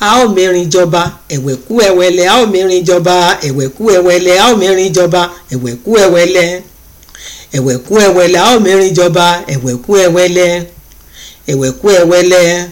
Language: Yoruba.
a ó mẹ́rin jọba ẹ̀wẹ̀kú ẹ̀wẹ̀lẹ̀ a ó mẹ́rin jọba ewele ẹ̀wẹ̀lẹ̀ a ó mẹ́rin jọba ẹ̀wẹ̀lẹ̀ a ó mẹ́rin jọba ẹ̀wẹ̀lẹ̀